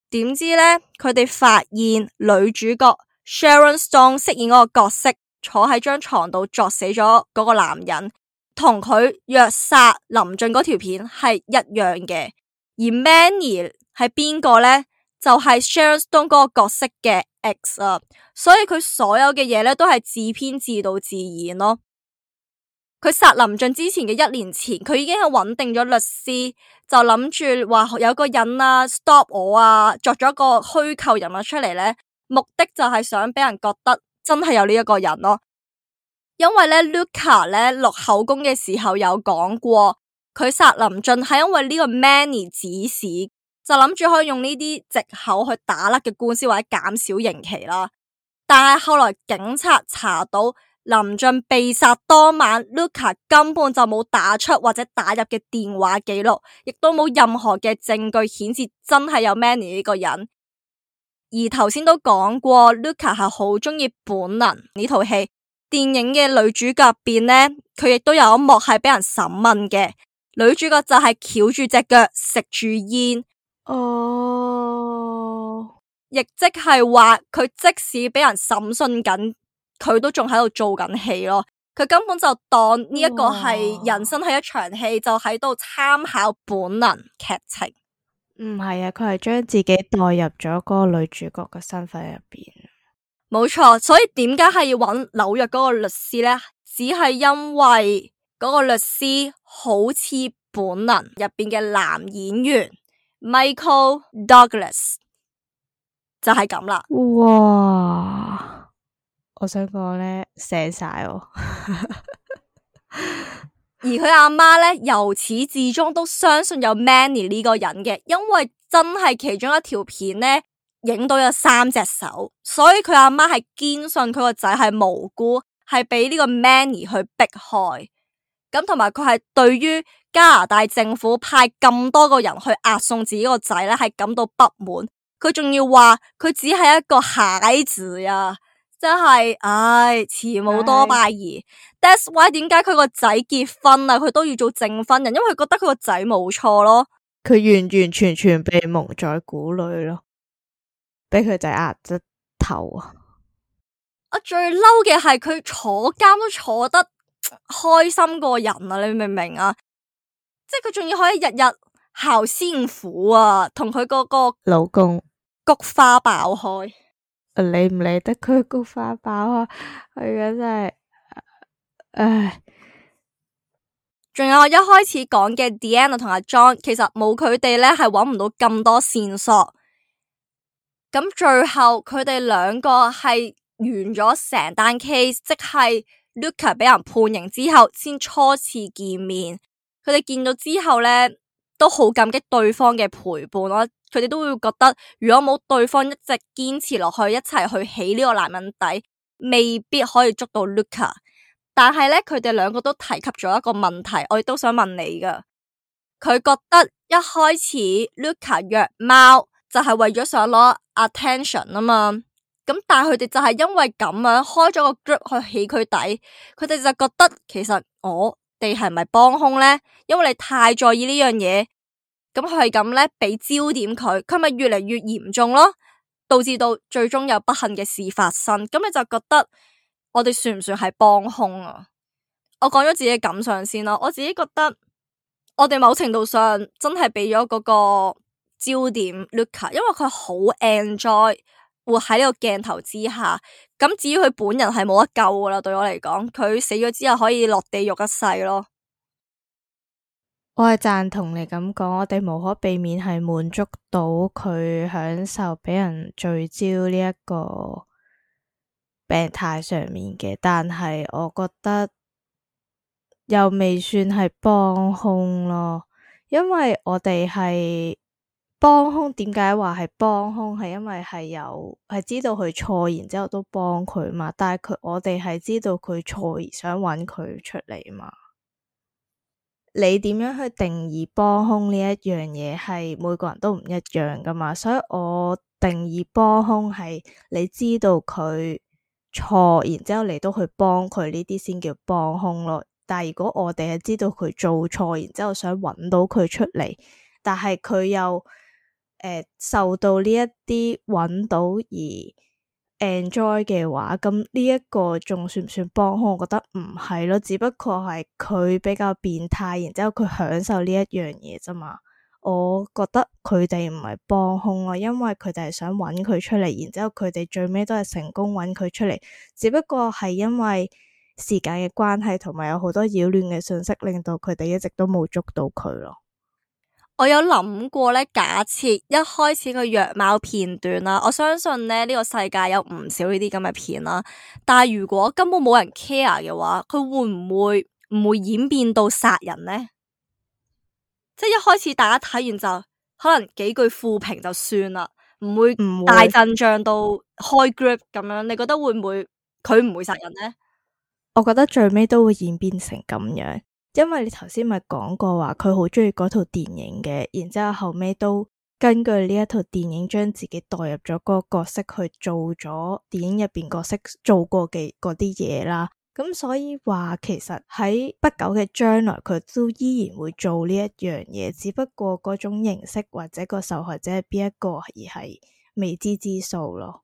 點知呢，佢哋發現女主角。Sharon Stone 飾演嗰個角色坐喺張床度作死咗嗰個男人，同佢虐殺林俊嗰條片係一樣嘅。而 Manny 係邊個咧？就係、是、Sharon Stone 嗰個角色嘅 ex 啊，所以佢所有嘅嘢咧都係自編自導自演咯。佢殺林俊之前嘅一年前，佢已經係穩定咗律師，就諗住話有個人啊 stop 我啊，作咗個虛構人物出嚟咧。目的就係想畀人覺得真係有呢一個人咯，因為咧，Luka 咧落口供嘅時候有講過，佢殺林俊係因為呢個 Manny 指使，就諗住可以用呢啲藉口去打甩嘅官司或者減少刑期啦。但係後來警察查到林俊被殺當晚，Luka 根本就冇打出或者打入嘅電話記錄，亦都冇任何嘅證據顯示真係有 Manny 呢個人。而頭先都講過，Luka 係好鍾意本能呢套戲。電影嘅女主角入邊呢，佢亦都有一幕係畀人審問嘅。女主角就係翹住隻腳食住煙。哦，亦即係話佢即使畀人審訊緊，佢都仲喺度做緊戲咯。佢根本就當呢一個係人生係一場戲，哇就喺度參考本能劇情。唔係啊，佢係將自己代入咗嗰個女主角嘅身份入邊。冇錯，所以點解係要搵紐約嗰個律師呢？只係因為嗰個律師好似本能入邊嘅男演員 Michael Douglas 就係咁啦。哇！我想講呢，寫晒我。 而佢阿媽咧，由始至終都相信有 Manny 呢個人嘅，因為真係其中一條片咧，影到有三隻手，所以佢阿媽係堅信佢個仔係無辜，係俾呢個 Manny 去迫害，咁同埋佢係對於加拿大政府派咁多個人去押送自己個仔咧，係感到不滿，佢仲要話佢只係一個孩子啊。真係，唉、哎，慈母多敗、哎、兒。That's why 點解佢個仔結婚啊，佢都要做證婚人，因為佢覺得佢個仔冇錯咯。佢完完全全被蒙在鼓裏咯，畀佢仔壓得透啊！最嬲嘅係佢坐監都坐得開心過人啊！你明唔明啊？即係佢仲要可以日日孝先夫啊，同佢嗰個老公菊花爆開。理唔理得佢菊花爆啊？佢而家真係，唉！仲有我一開始講嘅 Diana 同阿 John，其實冇佢哋咧係揾唔到咁多線索。咁最後佢哋兩個係完咗成單 case，即係 Luka 畀人判刑之後，先初次見面。佢哋見到之後咧，都好感激對方嘅陪伴咯。佢哋都會覺得，如果冇對方一直堅持落去，一齊去起呢個男人底，未必可以捉到 Luka。但係咧，佢哋兩個都提及咗一個問題，我亦都想問你噶。佢覺得一開始 Luka 虐貓就係為咗想攞 attention 啊嘛，咁但係佢哋就係因為咁樣開咗個 group 去起佢底，佢哋就覺得其實我哋係咪幫兇咧？因為你太在意呢樣嘢。咁佢係咁咧，俾焦點佢，佢咪越嚟越嚴重咯，導致到最終有不幸嘅事發生。咁你就覺得我哋算唔算係幫凶啊？我講咗自己嘅感想先咯，我自己覺得我哋某程度上真係俾咗嗰個焦點 Luka，因為佢好 enjoy 活喺呢個鏡頭之下。咁至於佢本人係冇得救噶啦，對我嚟講，佢死咗之後可以落地獄一世咯。我係讚同你咁講，我哋無可避免係滿足到佢享受畀人聚焦呢一個病態上面嘅，但係我覺得又未算係幫凶咯，因為我哋係幫凶，點解話係幫凶？係因為係有係知道佢錯，然之後都幫佢嘛，但係佢我哋係知道佢錯而想揾佢出嚟嘛。你點樣去定義幫兇呢一樣嘢係每個人都唔一樣㗎嘛，所以我定義幫兇係你知道佢錯，然之後嚟到去幫佢呢啲先叫幫兇咯。但係如果我哋係知道佢做錯，然之後想揾到佢出嚟，但係佢又誒、呃、受到呢一啲揾到而 Enjoy 嘅話，咁呢一個仲算唔算幫兇？我覺得唔係咯，只不過係佢比較變態，然之後佢享受呢一樣嘢啫嘛。我覺得佢哋唔係幫兇咯，因為佢哋係想揾佢出嚟，然之後佢哋最尾都係成功揾佢出嚟，只不過係因為時間嘅關係，同埋有好多擾亂嘅信息，令到佢哋一直都冇捉到佢咯。我有諗過咧，假設一開始個虐貓片段啦，我相信咧呢、呢個世界有唔少呢啲咁嘅片啦。但係如果根本冇人 care 嘅話，佢會唔會唔會演變到殺人咧？即係一開始大家睇完就可能幾句負評就算啦，唔會唔會大陣仗到開 group 咁樣。會你覺得會唔會佢唔會殺人咧？我覺得最尾都會演變成咁樣。因為你頭先咪講過話佢好中意嗰套電影嘅，然之後後尾都根據呢一套電影將自己代入咗個角色去做咗電影入邊角色做過嘅嗰啲嘢啦，咁所以話其實喺不久嘅將來佢都依然會做呢一樣嘢，只不過嗰種形式或者個受害者係邊一個而係未知之數咯。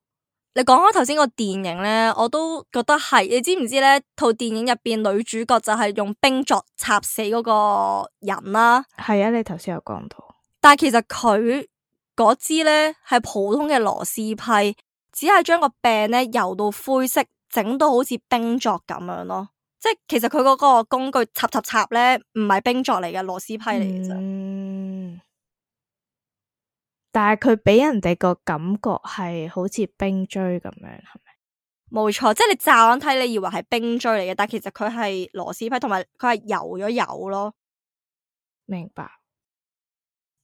你講開頭先個電影咧，我都覺得係。你知唔知咧？套電影入邊女主角就係用冰鑿插死嗰個人啦。係啊，你頭先有講到。但係其實佢嗰支咧係普通嘅螺絲批，只係將個柄咧油到灰色，整到好似冰鑿咁樣咯。即係其實佢嗰個工具插插插咧，唔係冰鑿嚟嘅，螺絲批嚟嘅啫。嗯但係佢畀人哋個感覺係好似冰錐咁樣，係咪？冇錯，即係你乍眼睇，你以為係冰錐嚟嘅，但其實佢係螺絲批，同埋佢係油咗油咯。明白。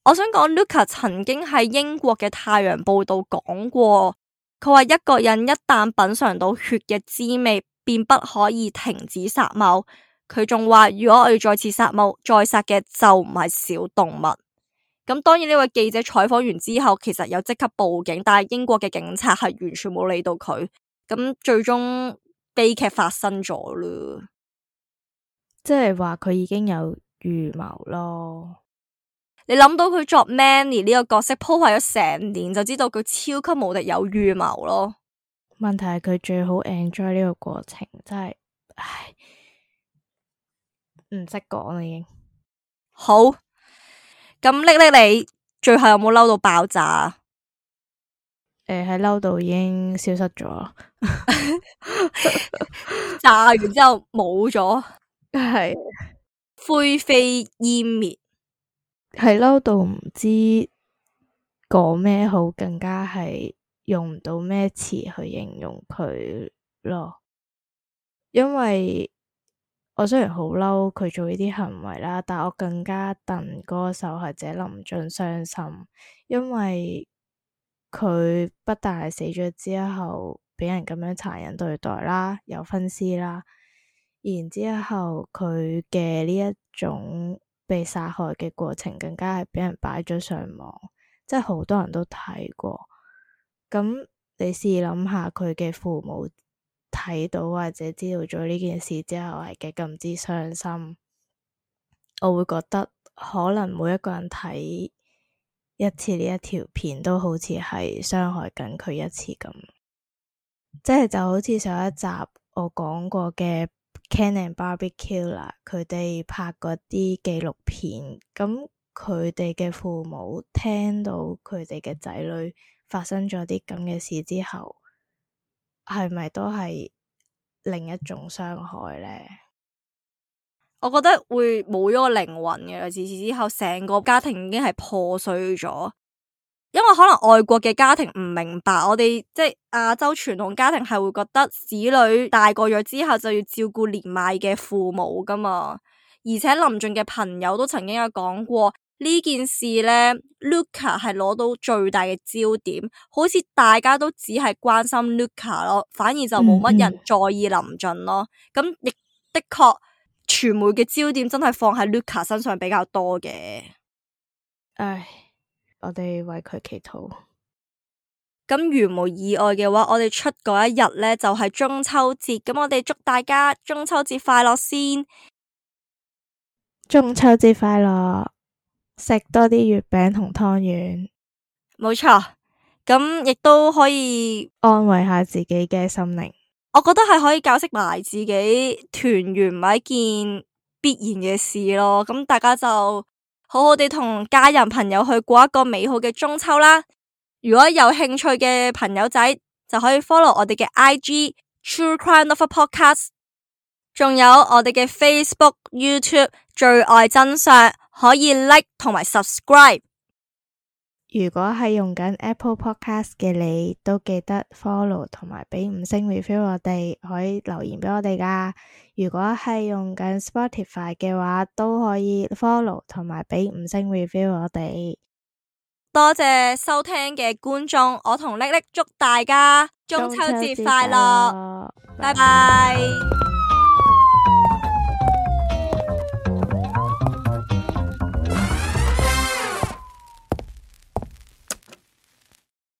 我想講，Luka 曾經喺英國嘅《太陽報》度講過，佢話一個人一旦品嘗到血嘅滋味，便不可以停止殺貓。佢仲話，如果我要再次殺貓，再殺嘅就唔係小動物。咁當然呢位記者採訪完之後，其實有即刻報警，但係英國嘅警察係完全冇理到佢，咁最終悲劇發生咗咯。即係話佢已經有預謀咯。你諗到佢作 Manny 呢個角色鋪排咗成年，就知道佢超級無敵有預謀咯。問題係佢最好 enjoy 呢個過程，真係唉，唔識講啦已經好。咁，叻叻你最後有冇嬲到爆炸？誒，喺嬲到已經消失咗， 炸完之後冇咗，係 灰飛煙滅。喺嬲到唔知講咩好，更加係用唔到咩詞去形容佢咯，因為。我雖然好嬲佢做呢啲行為啦，但我更加戥歌手或者林俊傷心，因為佢不但係死咗之後俾人咁樣殘忍對待啦，有分屍啦，然之後佢嘅呢一種被殺害嘅過程更加係俾人擺咗上網，即係好多人都睇過。咁你試諗下佢嘅父母。睇到或者知道咗呢件事之後，係幾咁之傷心，我會覺得可能每一個人睇一次呢一條片都好似係傷害緊佢一次咁，即係就好似上一集我講過嘅 Ken and Barbie Killer 啦，佢哋拍嗰啲紀錄片，咁佢哋嘅父母聽到佢哋嘅仔女發生咗啲咁嘅事之後。係咪都係另一種傷害咧？我覺得會冇咗個靈魂嘅，自此之後，成個家庭已經係破碎咗。因為可能外國嘅家庭唔明白，我哋即係亞洲傳統家庭係會覺得，子女大個咗之後就要照顧年邁嘅父母㗎嘛。而且林俊嘅朋友都曾經有講過。呢件事呢 Luka 係攞到最大嘅焦點，好似大家都只係關心 Luka 咯，反而就冇乜人在意林俊咯。咁亦、嗯、的確，傳媒嘅焦點真係放喺 Luka 身上比較多嘅。唉，我哋為佢祈禱。咁如無意外嘅話，我哋出嗰一日呢，就係、是、中秋節，咁我哋祝大家中秋節快樂先。中秋節快樂。食多啲月餅同湯圓，冇錯，咁亦都可以安慰下自己嘅心靈。我覺得係可以教識埋自己團圓唔係一件必然嘅事咯。咁大家就好好地同家人朋友去過一個美好嘅中秋啦。如果有興趣嘅朋友仔，就可以 follow 我哋嘅 IG True Crime Lover Podcast，仲有我哋嘅 Facebook、YouTube 罪愛真相。可以 like 同埋 subscribe。如果係用緊 Apple Podcast 嘅你，都記得 follow 同埋俾五星 review 我哋，可以留言俾我哋噶。如果係用緊 Spotify 嘅話，都可以 follow 同埋俾五星 review 我哋。多謝收聽嘅觀眾，我同 Lily 祝大家中秋節快樂，快樂拜拜。拜拜。